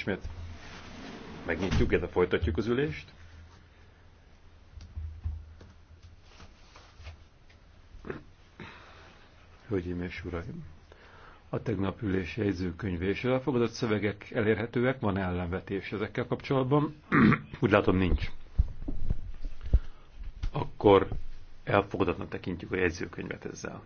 Ismét megnyitjuk, a folytatjuk az ülést. Hölgyeim és Uraim! A tegnap ülés jegyzőkönyv és elfogadott szövegek elérhetőek, van -e ellenvetés ezekkel kapcsolatban? Úgy látom nincs. Akkor elfogadatlan tekintjük a jegyzőkönyvet ezzel.